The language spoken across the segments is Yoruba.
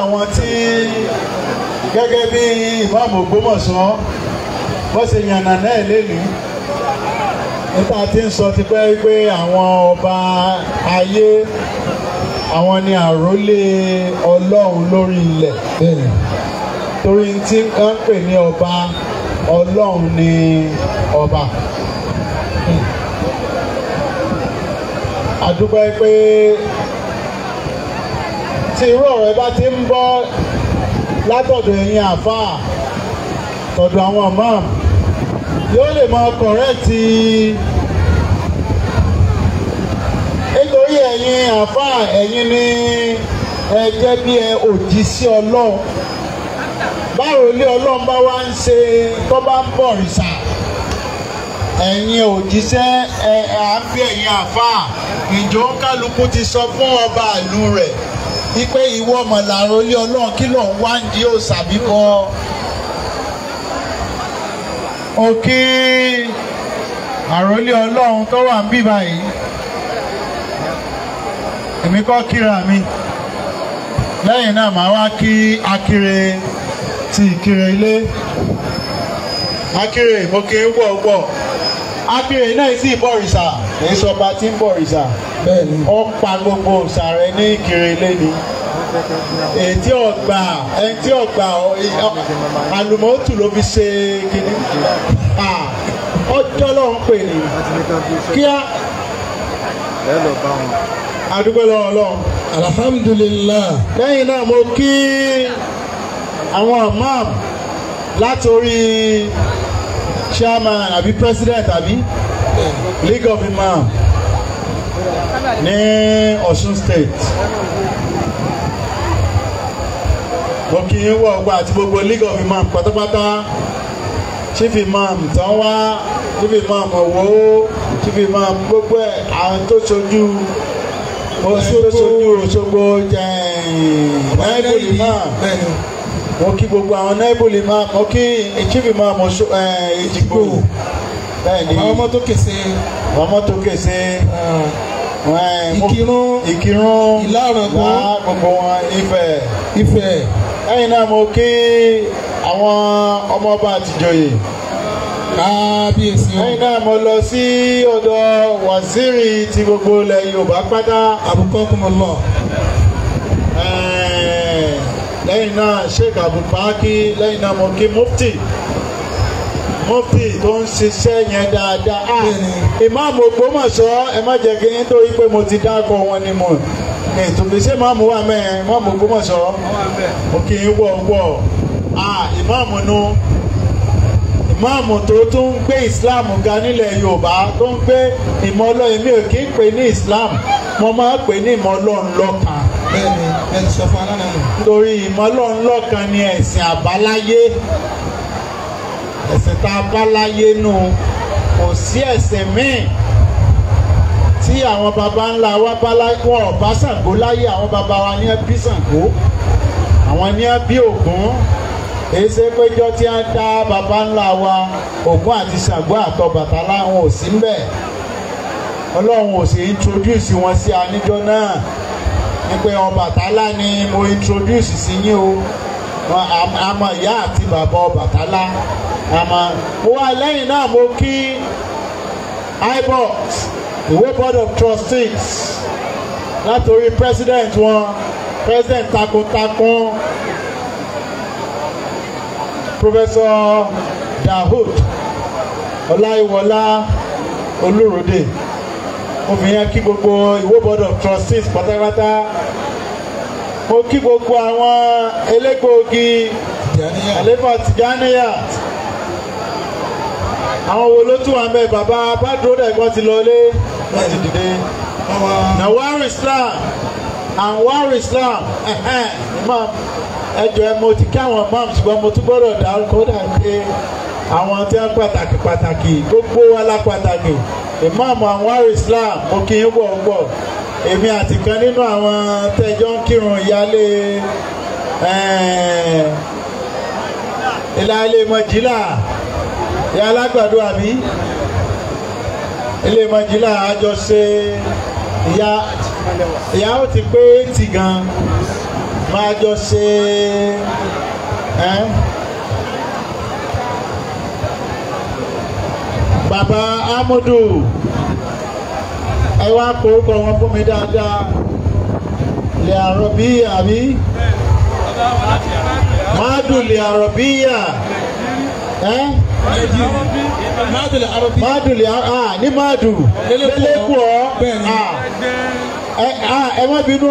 àwọn tí gẹ́gẹ́ bí ìmáàmù Ògbómọ̀ṣọ́ bó ṣe yànnà náà lélẹ̀ nípa tí ń sọ tipẹ́ wípé àwọn ọba ayé àwọn ni àrólé ọlọ́run lórí ilẹ̀ torí tí wọ́n ń pè ní ọba ọlọ́run ni ọba. a dúpẹ́ pé tí irú ọ̀rọ̀ bá ti ń bọ́ látọ̀dọ̀ ẹ̀yin àfáà tọ̀dọ̀ àwọn imam yóò lè mọ kọ̀rẹ́ẹ̀tì nítorí ẹ̀yin àfáà ẹ̀yin ni ẹ jẹ́ bí ẹ òjíṣẹ́ ọlọ́run báwo ilé ọlọ́run bá wá ń ṣe tó bá ń bọ̀ rìṣà ẹ̀yin òjíṣẹ́ ẹ̀ à ń bí ẹ̀yin àfáà ìjọ kálukú ti sọ fún ọba ìlú rẹ̀ wípé ìwọ ọmọlàrá olé ọlọ́run kí ló ń wá ń di òòsà bíbọ. òkè àròlé ọlọ́run tó wà ń bí báyìí èmi kọ́ kíra mi lẹ́yìn náà màá wá kí akire ti ìkire ilé akire mo kí ń wọ̀ wọ̀ akire náà sì bọ̀rìṣà kì í sọ ọba tí ń bọ̀rìṣà ó pa gbogbo òòṣà rẹ ní ìkiri lẹ́ni ètí ọgbà ẹtí ọgbà àlùmọ́tù ló fi ṣe kìnnì ọjọ́ ló ń pè ní kíá àdúgbò lọ́wọ́ lọ́wọ́. alhamdulillah. lẹ́yìn náà mo kí àwọn imam látòrí chairman àbí president àbí league of imam ní Ọ̀ṣun state mo kí yín wọ ọgbà àti gbogbo league of imam pátápátá chief imam tán wá chief imam ọ̀wọ́ chief imam gbogbo ẹ̀ àwọn tó ṣojú Òṣogbo Òṣogbo nẹ́ẹ̀bùlì máa mo kí gbogbo àwọn chief máa mo so Èjìgbò bẹ́ẹ̀ ni àwọn ọmọ tó ìkírun ìkírun ìlàrọ̀kọ́ wá gbogbo wọn Ifẹ̀ Ifẹ̀ ẹ̀yin náà mo kí àwọn ọmọọba àtijọ́yè kábíyèsí o ẹ̀yin náà mo lọ sí ọ̀dọ̀ wàzírì ti gbogbo ilẹ̀ Yorùbá pátá àbùkọ́ kún mọ́ lọ lẹ́yìn náà Sheikh Abubakar lẹ́yìn náà mo kí mufti mọ́fì tó ń ṣiṣẹ́ yẹn dáadáa ah. ìmáàmù Ògbómọ̀ṣọ́ ẹ má jẹ́ kí nítorí pé mo ti dáko wọn ni mo ìtòlẹ́sẹ̀ ìmáàmù wà mẹ́ẹ̀ ìmáàmù Ògbómọ̀ṣọ́ òkè wọ̀ wọ̀ ah, ìmáàmù nu ìmáàmù tó tún ń gbé Islam ga nílẹ̀ Yorùbá tó ń gbé ìmọ̀ Ọlọ́run mi ò kí ń pè ní Islam mo máa ń pè ní ìmọ̀ Ọlọ́run lọ́kàn bẹ́ẹ̀ ni ẹ sọ fún aláǹdà. torí ìmọ̀ Ọlọ́run lọ́kàn ni ẹ̀sìn àbáláyé ẹ̀sìn tá a bá láyé nù kò sí ẹ̀sìn míì tí àwọn baba ńlá wa bá wọn ọba Ṣàngó láyé àwọn baba wa ní bí Ṣàngó àwọn ní bí Ògún èyí ṣe péjọ tí a ń dá baba ńlá wa Ògún àti Ṣàngó àtọbàtálá wọn ò sí mbẹ̀ Ọlọ́run ò sì introduce wọn sí aníjọ náà ní pé Ọbàtálá ni mo introduce sí yín o àmọ́ ìyá àti bàbá Ọbàtálá àmọ́ mo wá lẹ́yìn náà mo kí ibox ìwé board of trustees látòrí president wọn president takuntakun professor dahoud ọláìwọlá olúròdè obìnrin kí gbogbo ìwé board of trustees pátápátá mo kí gbogbo àwọn elégbòogi àlefa tìjániyà àwọn wo ló tún wà mẹ́ bàbá bádúródà ìgbọ́n ti lọlé wọ́n ti dìde nawar islam anwar islam imam ẹjọ ẹ mo ti kí àwọn imam ṣùgbọ́n mo tún gbọ́dọ̀ dárúkọ dà pé àwọn tí wọ́n pàtàkì pàtàkì gbogbo wa la pàtàkì imam anwar islam mo kí yín bọ̀ ń bọ̀ èmi àti kan nínú àwọn tẹjọ ń kírun ìyálé ìlà ilé mọ̀jìlá ìyá alágbàdo àbí ilé mọ̀jìlá àjọ ṣe ìyá ìyá ó ti pé ti gan máa jọ ṣe bàbá amúdù ẹ wá kó orúkọ wọn fún mi dáadáa lè àrọ bí àbí mádùn lè àrọ bí yà ẹ. Eh? máàdùlì ah, ah ní máàdù lélẹ́kùọ́ oh. ah. ah, ẹ má bínú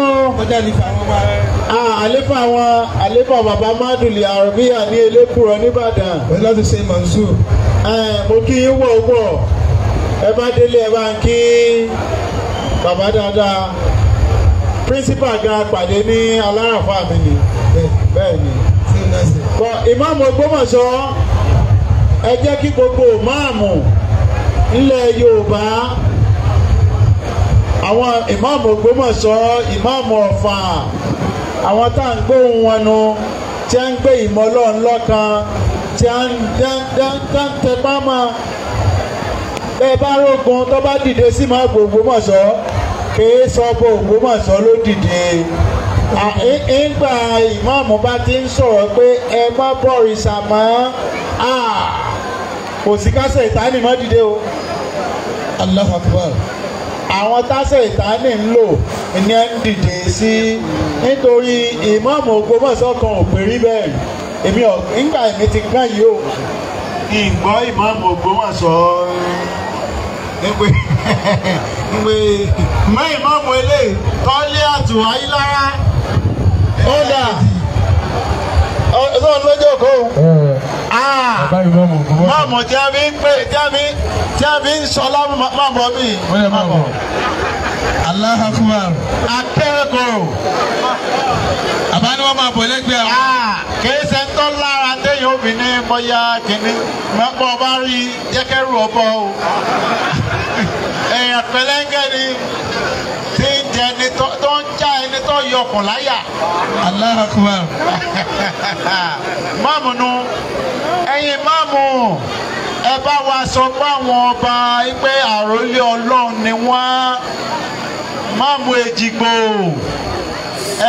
àlefa oh. àwọn àlefa bàbá máàdùlì àrùbíyà ní elékùrọ̀ nìbàdàn. wọ́n láti ṣe mansour. mo kí yín wọ̀ wọ̀ ẹ bá délé ẹ bá ń kí bàbá dáadáa principal ga pàdé ní aláràfáà mi ni bẹ́ẹ̀ ni. ìmáàmù Ògbómọ̀ṣọ́ ẹ jẹ́ kí gbogbo ìmáàmù ńlẹ̀ Yorùbá àwọn ìmáàmù Ògbómọ̀ṣọ́ ìmáàmù Ọ̀fà àwọn tá à ń gbóhùn wọn nu tí a ń gbé ìmọ̀ Ọlọ́run lọ́kan tí a ń tẹpá mọ́ bẹ́ẹ̀ bá rógun tó bá dìde sí máa gbò Ògbómọ̀ṣọ́ kìí sọ́bọ̀ Ògbómọ̀ṣọ́ ló dìde ìgbà ìmáàmù bá ti ń sọ̀rọ̀ pé ẹ má bọ̀rìṣà mọ́ kò sí kásẹ̀ ìtánì mọ́ dìde o Allahu Akbar àwọn tásẹ̀ ìtánì ń lò ní ẹ̀ ń dìde sí nítorí ìmáàmù Ògbómọ̀ṣọ́ kan ò pè rí bẹ́ẹ̀ èmi ọ̀ nígbà èmi ti gbọ́n yìí o ìgbọ́ ìmáàmù Ògbómọ̀ṣọ́ ẹgbẹ́ ìwé mọ́ ìmáàmù eléyìí tọ́lé àtùwáyí lára. ó dà ọsọ́run lọ́jọ́ kó o. máàmù tí a fi ń pè tí a fi tí a fi ń sọ lábù máàmù ọbí. máàmù Allahu Akbar. akẹ́kọ̀ọ́. àbá ni wọ́n máa bọ̀ lẹ́gbẹ̀ẹ́ àwọn. Ah. kìí ṣe ń tọ́ lára téèyàn obìnrin bọ́yá kìíní mọ́pọ̀ bá rí jẹ́kẹ́rù ọ̀bọ o. èèyàn pẹ̀lẹ́ńgẹ́ ni ọkàn láyà. Allahu Akbar. máàmù nu ẹ̀yin máàmù ẹ bá wa sọ pé àwọn ọba pé àròlé ọlọ́run ni wọ́n máàmù èjìgbò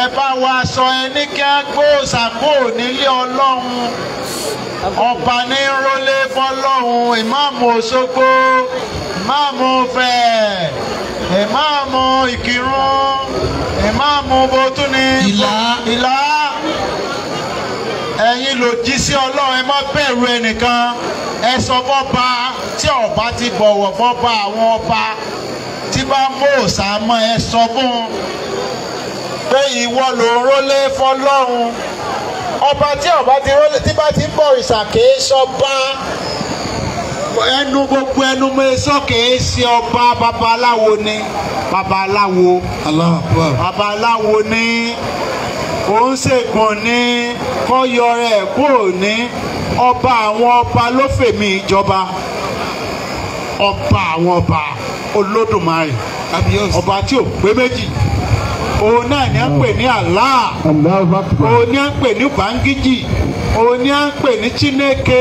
ẹ bá wa sọ ẹni kí á gbóòsàgbò nílé ọlọ́run ọba ní rólé fọlọ́hún ìmáàmù Òṣogbo ìmáàmù Ifẹ̀ ìmáàmù Ìkìrun ìmáàmù bo tún ni. ìlà. ìlà. ẹ̀yin ló jí sí ọlọ́run ẹ má bẹ̀rù ẹnìkan ẹ sọ bọ́ba tí ọba ti bọ̀wọ̀ bọ́ba àwọn ọba tí bá mú òòsà mọ́ ẹ sọ fún un pé ìwọ ló ń rólé fọlọ́run ọba tí ọba ti rólé tí bá ti bọ̀ ìsàkéé sọ bá ẹnu gbogbo ẹnu mọ èso kìí ọba babaláwo ni babaláwo babaláwo ni òun ṣègùn ni kọ́yọ rẹ̀ kúrò ní ọba àwọn ọba ló fèmí ìjọba ọba àwọn ọba olódùmarè ọba tí ò pé méjì òun náà ni à ń pè ní Allah òun ni à ń pè ní bangiji òun ni à ń pè ní Chineke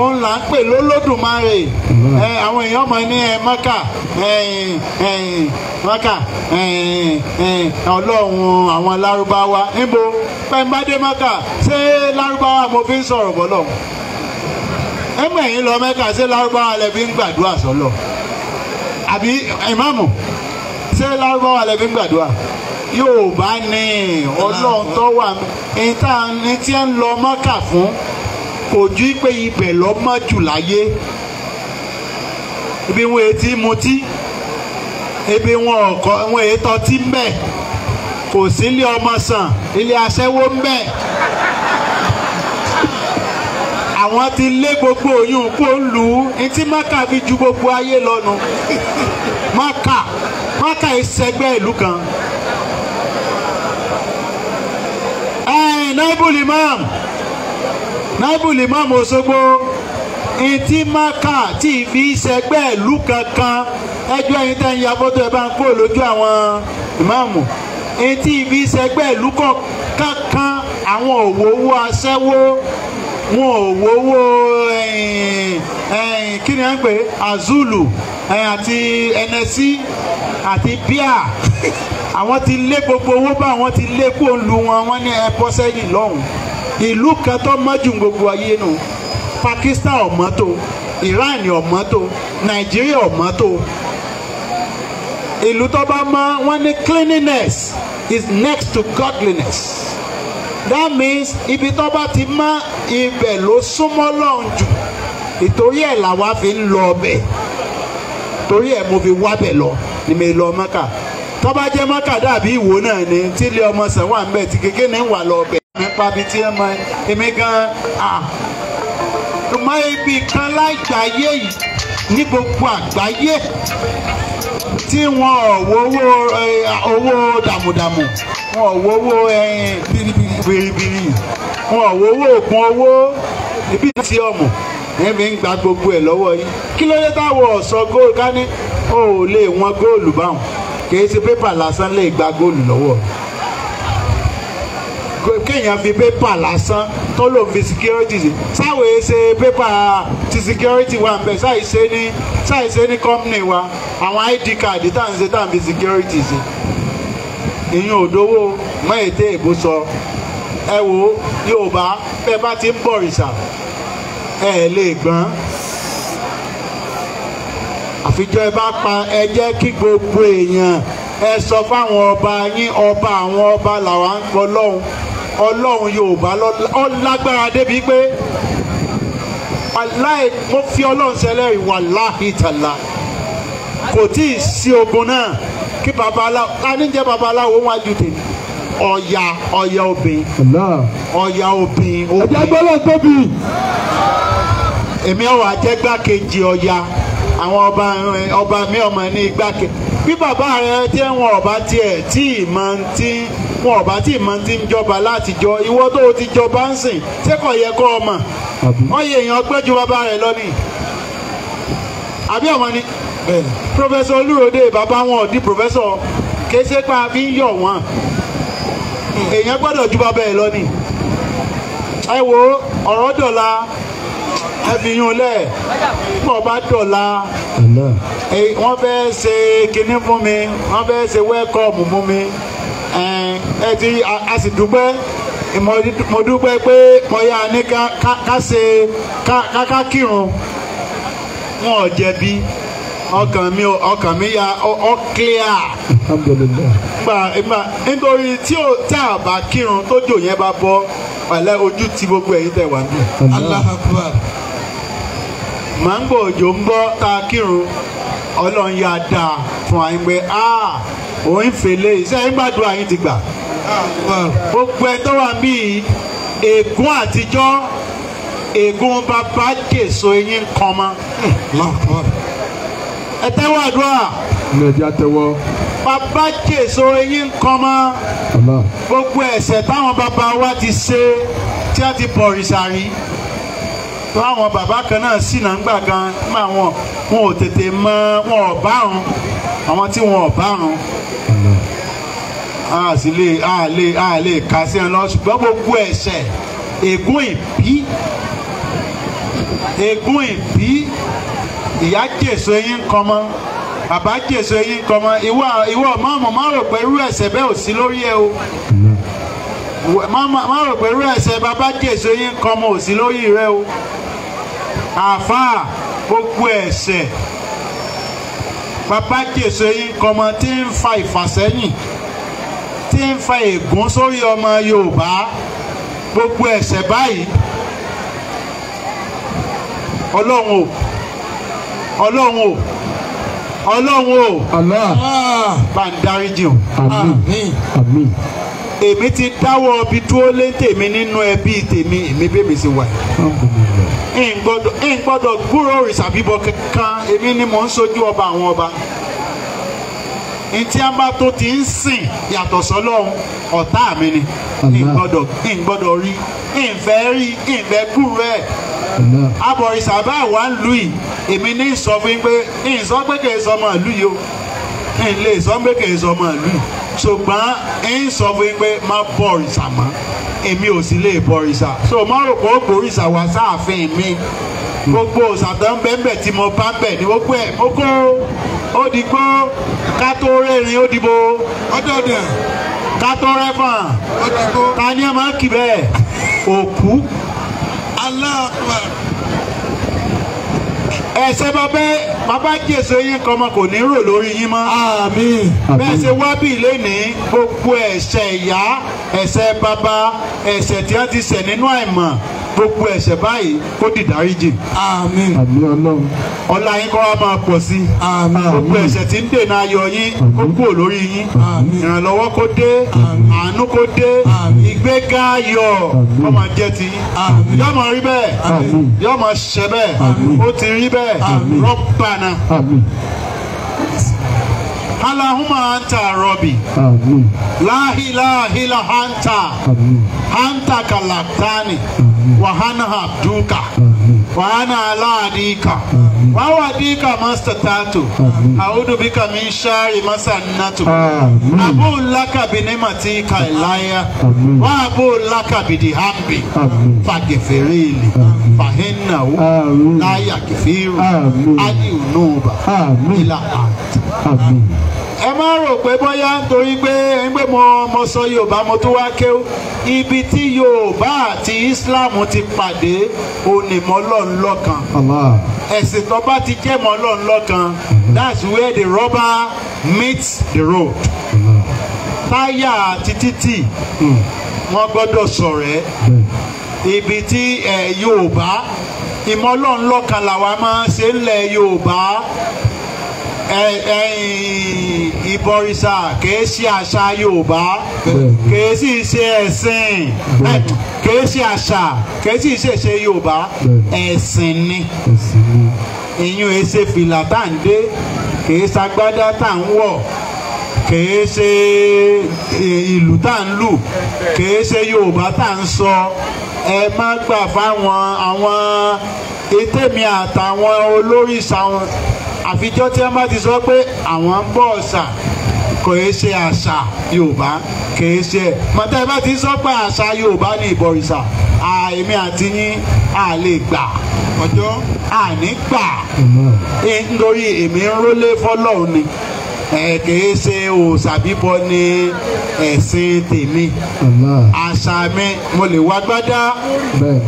òun là ń pè lólódùmarè àwọn èèyàn mọ̀ ní mọ́kà mọ́kà ọlọ́run àwọn lárúbáwá níbo pẹ́ńbádé mọ́kà ṣé lárúbáwá mo fi ń sọ̀rọ̀ bọ́lọ̀ ẹ mọ̀ ẹ̀yin lọ mẹ́kà ṣé lárúbáwá lẹ fi ń gbàdúrà sọ́lọ̀ àbí ìmáàmù ṣé lárúbáwá lẹ fi ń gbàdúrà. Yorùbá ni ọlọ́run tó wà ní tá a ní tí ń lọ mọ́kà fún kò ju pé ibẹ̀ lọ mọ́ jù láyé ibi wọn etí mutí ibi wọn ọkọ wọn ètò tí ń bẹ kò sílé ọmọ sàn ilé aṣẹ́wó ń bẹ àwọn ti lé gbogbo oyún kó lù ú etí mọ́kà fi ju gbogbo ayé lọ́nu mọ́kà mọ́kà ìṣẹ́gbẹ́ ìlú kan. naibu limam naibu limam Òṣogbo ntí maka tí fi ṣẹgbẹ́ ìlú kankan ẹjọ́ ẹ̀yin tẹ́ ń ya fọ́tò ẹ̀ bá ń kó lójú àwọn ìmáàmù ntí fi ṣẹgbẹ́ ìlú kankan àwọn òwòwò aṣẹ́wó wọn ò wowó eh, eh, kí ni à ń pè azulu eh, àti ẹnẹsí àti bíà. àwọn ti lé gbogbo owó bá àwọn ti lé kó ń lu wọn wọn ní ẹ̀kọ́ sẹ́yìn lọ́hùn ìlú kan tó mọ́jú gbogbo ayé nu Pakistan ọ̀mọ́tò Iran ọ̀mọ́tò Nàìjíríà ọ̀mọ́tò ìlú tó bá mọ́ wọn ní cleanliness is next to godliness that means ibi tó bá ti mọ́ ibẹ̀ ló súnmọ́ lọ́hùn jù ìtorí ẹ̀ làwa fi ń lọ ọbẹ̀ torí ẹ̀ mo fi wábẹ̀ lọ ni mi lọ mọ́kà tó bá jẹ́ mọ́kàdá àbí ìwò náà ni tílé ọmọ sàn wà ń bẹ̀ tí kékeré ń wà lọ bẹ̀. nípa bíi tí ẹ mọ èmi gan mọ ibi kan lágbàáyé yìí ní gbogbo àgbáyé tí wọn ò wówó owó dàmùdàmù wọn ò wówó biribiri wọn ò wówó oògùn owó ibi tí ọmọ ẹ̀mí ń gba gbogbo ẹ̀ lọ́wọ́ yìí kí ló dé táwọn ọ̀sọ́ góòlù ká ní o ò lè wọn góòlù báwọn kìí ṣe pépà lásán lè gba góòlù lọ́wọ́ kéèyàn fi pépà lásán tó lò fi security sáwèé ṣe pépà ti security wa mbẹ sáì ṣe ní sáì ṣe ní company wa àwọn id card tá à ń ṣe tá à ń fi security ṣe ìyún òdòwò mọ́ ètè èbó sọ ẹ wo Yorùbá bẹ́ẹ̀ bá ti ń bọ̀rìṣà ẹ lè gbọ́n àfijọ́ ẹ bá pa ẹ jẹ́ kí gbogbo èèyàn ẹ sọ fáwọn ọba yín ọba àwọn ọba làwa ń pọ lọ́hùn ọlọ́hun yorùbá ó lágbára débi pé aláì mo fi ọlọ́run sẹlẹ̀ ìwà láàbì tàlà kò tí ì sí ogun náà kí babaláwo aníjẹ́ babaláwo wájú tèmi ọ̀yà ọ̀yà obìnrin ọ̀yà obìnrin obìnrin ẹ̀jẹ̀ gbọ́dọ̀ tóbi èmi ọ̀wà jẹ́gbàkejì ọ̀yà àwọn ọba ọba mi ọmọ ní igbákejì bí bàbá rẹ tí wọn ọba tiẹ̀ tí ìmọ tí wọn ọba tí ìmọ tí ń jọba láti jọ ìwọ tó o ti jọba ń sìn ṣé kò yẹ kó o mọ̀ wọn yẹ èèyàn pẹ́ ju bàbá rẹ lọ ni àbí ọmọ ni pọfẹsọ olúròdé bàbá wọn ò di pọfẹsọ kése pa fi ń yọ wọn hmm. èèyàn gbọ́dọ̀ ju bàbá ẹ lọ ni ẹ wo ọ̀rọ̀ dọ̀la ẹ fi yún bá dọ̀la wọ́n fẹ́ ṣe kinní fún mi wọ́n fẹ́ ṣe wẹ́kọ̀mù fún mi ẹ ti a sì dúpẹ́ mo dúpẹ́ pé mo yá ní ká ṣe ká kírun wọn ò jẹ̀bi ọkàn mi ọkàn mi ya ọ clear. gba gba nítorí tí o tí a bá kírun tó yẹn bá bọ́ pẹ̀lẹ́ ojú ti gbogbo ẹ̀yin tẹ̀ wá bí. Allahu mango òjò ń bọ́ tá a kírun ọlọ́run yá da fún àyín pé ah, òun fèlè iṣẹ́ yín gbàdúrà yín ti gbà gbogbo ẹ tó wà mí ègún àtijọ́ ègún bàbá jèso eyín kan mọ́ ẹ tẹ́wọ́ àdúrà nàìjíríà tẹ́wọ́. bàbá jésù eyín kan mọ́ gbogbo ẹ̀ṣẹ̀ táwọn bàbá wa ti ṣe tí a ti bọ̀rìṣà rí tó àwọn bàbá kan náà sì náà ń gbà gan nígbà wọn wọn ò tètè mọ wọn ò bárun àwọn tí wọn ò bárun a sì lè a lè a lè kà sí ẹ lọ ṣùgbọ́n gbogbo ẹ̀ṣẹ̀ ègún ìbí ègún ìbí ìyá jèso eyín kan mọ́ bàbá jèso eyín kan mọ́ ìwọ ìwọ mọ́mọ́ má rò pé irú ẹ̀ṣẹ̀ bẹ́ẹ̀ ò sí lórí ẹ o má rò pé irú ẹ̀ṣẹ̀ bàbá jèso eyín kan mọ́ ò sí lórí rẹ o àfáà gbogbo ẹ̀ṣẹ̀ bàbá jèsè yín kọ́mọ tí ń fa ìfàsẹ́yìn tí ń fa ègún sórí ọmọ Yorùbá gbogbo ẹ̀ṣẹ̀ báyìí ọlọ́run o ọlọ́run o ọlọ́run o Allah bá ń dáríjì o àmín àmín èmi ti dáwọ́ ibi dúró lé tèmi nínú ẹbí tèmi èmi bèbè sí wa n gbọ́dọ̀ gbúrò òrìṣà bíbọ kankan èmi ni mò ń sojú ọba àwọn ọba ntí a bá tó ti ń sìn yàtọ̀ sọ́lọ́run ọ̀tá mi ni n gbọ́dọ̀ n gbọ́dọ̀ rí n fẹ́ rí n fẹ́ gbúrò ẹ̀ abọ̀rìṣà báyìí wà ń lù yìí èmi ní sọ fún yín pé n sọ pé kì í sọ ọmọ ìlú yìí o n lè sọ pé kì í sọ ọmọ ìlú yìí ṣùgbọ́n n fún pé má bọ̀ òrìṣà èmi ò sì lè bọ̀rìṣà so mo rò pé ó gbòrìṣà wá sáàfin mi gbogbo òṣàtàn bẹ́ẹ̀ tí mo bá bẹ̀ ni ó pẹ́ mo kó ó di gbó ká tó rẹ́rìn ó dìbò ọdọọdẹ ká tó rẹ́fọ̀n ká ní ẹ máa kì bẹ́ẹ̀ òkú. aláàbà ẹsẹ bàbá bàbá jésù yín kan ọmọ kò ní rò lórí yín mọ́. àmín. bẹ́ẹ̀ ṣe wábì lẹ́nìí gbogbo ẹ̀ṣẹ̀ ìyá ẹ̀ṣẹ̀ bàbá ẹ̀ṣẹ̀ tí a ti ṣẹ̀ nínú àìmọ̀ gbogbo ẹ̀ṣẹ̀ báyìí kó di dáríjì. àmín àmín ọlá yín kó wá máa pọ̀ sí i. gbogbo ẹ̀ṣẹ̀ tí ń dènà ayọ̀ yín kó kúrò lórí yín. àmín ìrànlọ́wọ́ kó dé. àmín àánú kó dé. àmín ìgbéga ayọ̀ kó máa jẹ́ ti yín. yóò máa rí bẹ́ẹ̀. àmín yóò máa ṣẹ bẹ́ẹ̀. àmín ó ti rí bẹ́ẹ̀. àmín rọ́bànà. àmín. Allahumma anta Rabbi. Amin. La ilaha illa anta. Amin. Anta kalaktani. Wa ana abduka. Wa ana ala adika. Wa wadika Master Tatu, A'udhu bika min shari masannatu. Amin. Abu laka binimatika ilaya. Amin. Wa abu laka bidihambi. Amin. Fagefirili. Amin. Fahinnahu. Amin. La yakifiru. Amin. Adi unuba. Amin. Ila anta. Amin ẹ má rò pé bóyá nítorí pé ẹni pé mo mo sọ yorùbá mo tún wá kéwú ibi tí yorùbá àti islam ti pàdé onímọ̀lọ́nlọ́kan ẹ̀sìn tó bá ti jẹ́ mọ́lọ́nlọ́kan that's where the rubber meets the road táyà àti títì hmm. gbọ́dọ̀ ṣọ̀rẹ́ ibi tí yorùbá ìmọ̀lọ́nlọ́kan làwa máa ṣe ń lẹ̀ yorùbá ìbọrìṣà kìí ṣe àṣà yorùbá kìí sì ṣe ẹ̀sìn kìí ṣe àṣà kìí sì ṣe ṣe yorùbá ẹ̀sìn ni ìyún ẹsẹ̀ fìlà tá à ń dé kìí ṣagbádá tá à ń wọ̀ kìí ṣe ìlú tá à ń lù kìí ṣe yorùbá tá à ń sọ ẹ má gbà fáwọn àwọn ètèmi àtàwọn olóríṣà wọn àfijọ́ tí wọ́n bá ti sọ pé àwọn ń bọ̀ ọ̀sà kò í ṣe àṣà Yorùbá kì í ṣe mọ̀tẹ́ ẹ bá ti sọ pé àṣà Yorùbá ni ìbọ̀rìṣà àìmí àti yín à lè gbà ọjọ́ àní gbà nítorí èmi ń rólé fọlọ́run ni kìí ṣe òṣàbíbọ ni ẹ̀sìn tèmi àṣà mi mo lè wá gbádá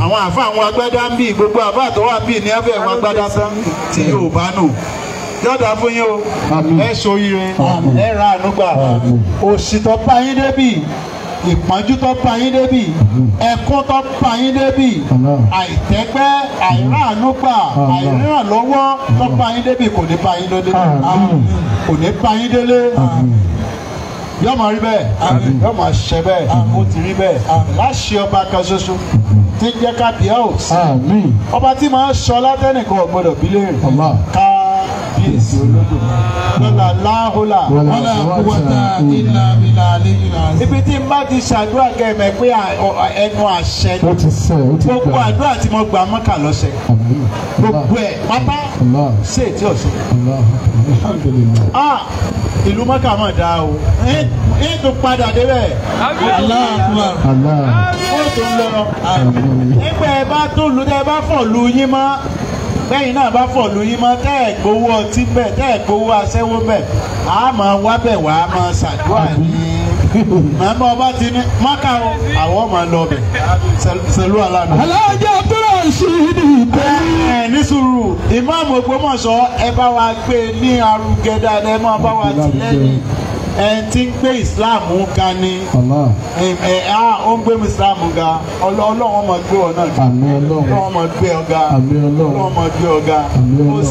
àwọn àfa àwọn agbádá ń bì gbogbo àbá àtọwà ń bì ní afẹ́ ìwà gbádá tí yóò nù yọ̀dà fún yín o ẹ ṣoríire ẹ ra ànúgbà òṣì tó bá yín débì ìpọ́njú tó bá yín débì ẹ̀kún tó bá yín débì àìtẹ́gbẹ́ àìráànúgbà àìrànlọ́wọ́ tó bá yín débì kò ní bá yín délé kò ní bá yín délé yóò máa rí bẹ́ẹ̀ yóò máa ṣe bẹ́ẹ̀ ó ti rí bẹ́ẹ̀ láṣẹ ọba kan ṣoṣo tí ń jẹ́ ká bíọ́ ọba tí máa ń sọ látẹ́nìkan ọ̀gbọ́dọ̀ bílẹ̀ ká kábíyèsí olódùmarè. wọ́lá láhùlà wọ́lá kúwọ́tà ibi tí n ti ṣàdúrà gẹ̀mẹ̀ pé ẹnu àṣẹ gbogbo àdúrà tí mo gbà mọ́kà lọ́sẹ̀ gbogbo ẹ̀ pátá ṣe ètí ọ̀sẹ̀. ìlú mọ́kà mọ̀ dá o ẹ̀ tó padà débẹ̀. aláàbùwà ó lọ nígbà ẹ bá tó lu tẹ ẹ bá fọ̀ lu yín mọ́ bẹ́yìn náà bá fọ̀ lóyún mọ́ tẹ́ ẹ̀ gbowó ọtí bẹ́ẹ̀ tẹ́ ẹ̀ gbowó aṣẹ́wó bẹ́ẹ̀ á máa wá bẹ̀ wá máa ṣàdúrà ní màmá ọba ti ní máka o àwọn máa lọ bẹ̀ sẹ̀lú aláàbò. aláàjọ àbúrò ṣì ní ìbẹ́. ẹ ní sùúrù ìmáàmù Ògbómọ̀ṣọ́ ẹ bá wa gbé e ní arugẹ dáadáa ẹ máa bá wa tì lẹ́yìn ẹni tí ń gbé Islam ga ni ẹ á ó ń gbé Islam ga ọlọ́run ọmọ gbé ọ náà ga ọlọ́run ọmọ gbé ọ ga ọlọ́run ọmọ gbé ọ ga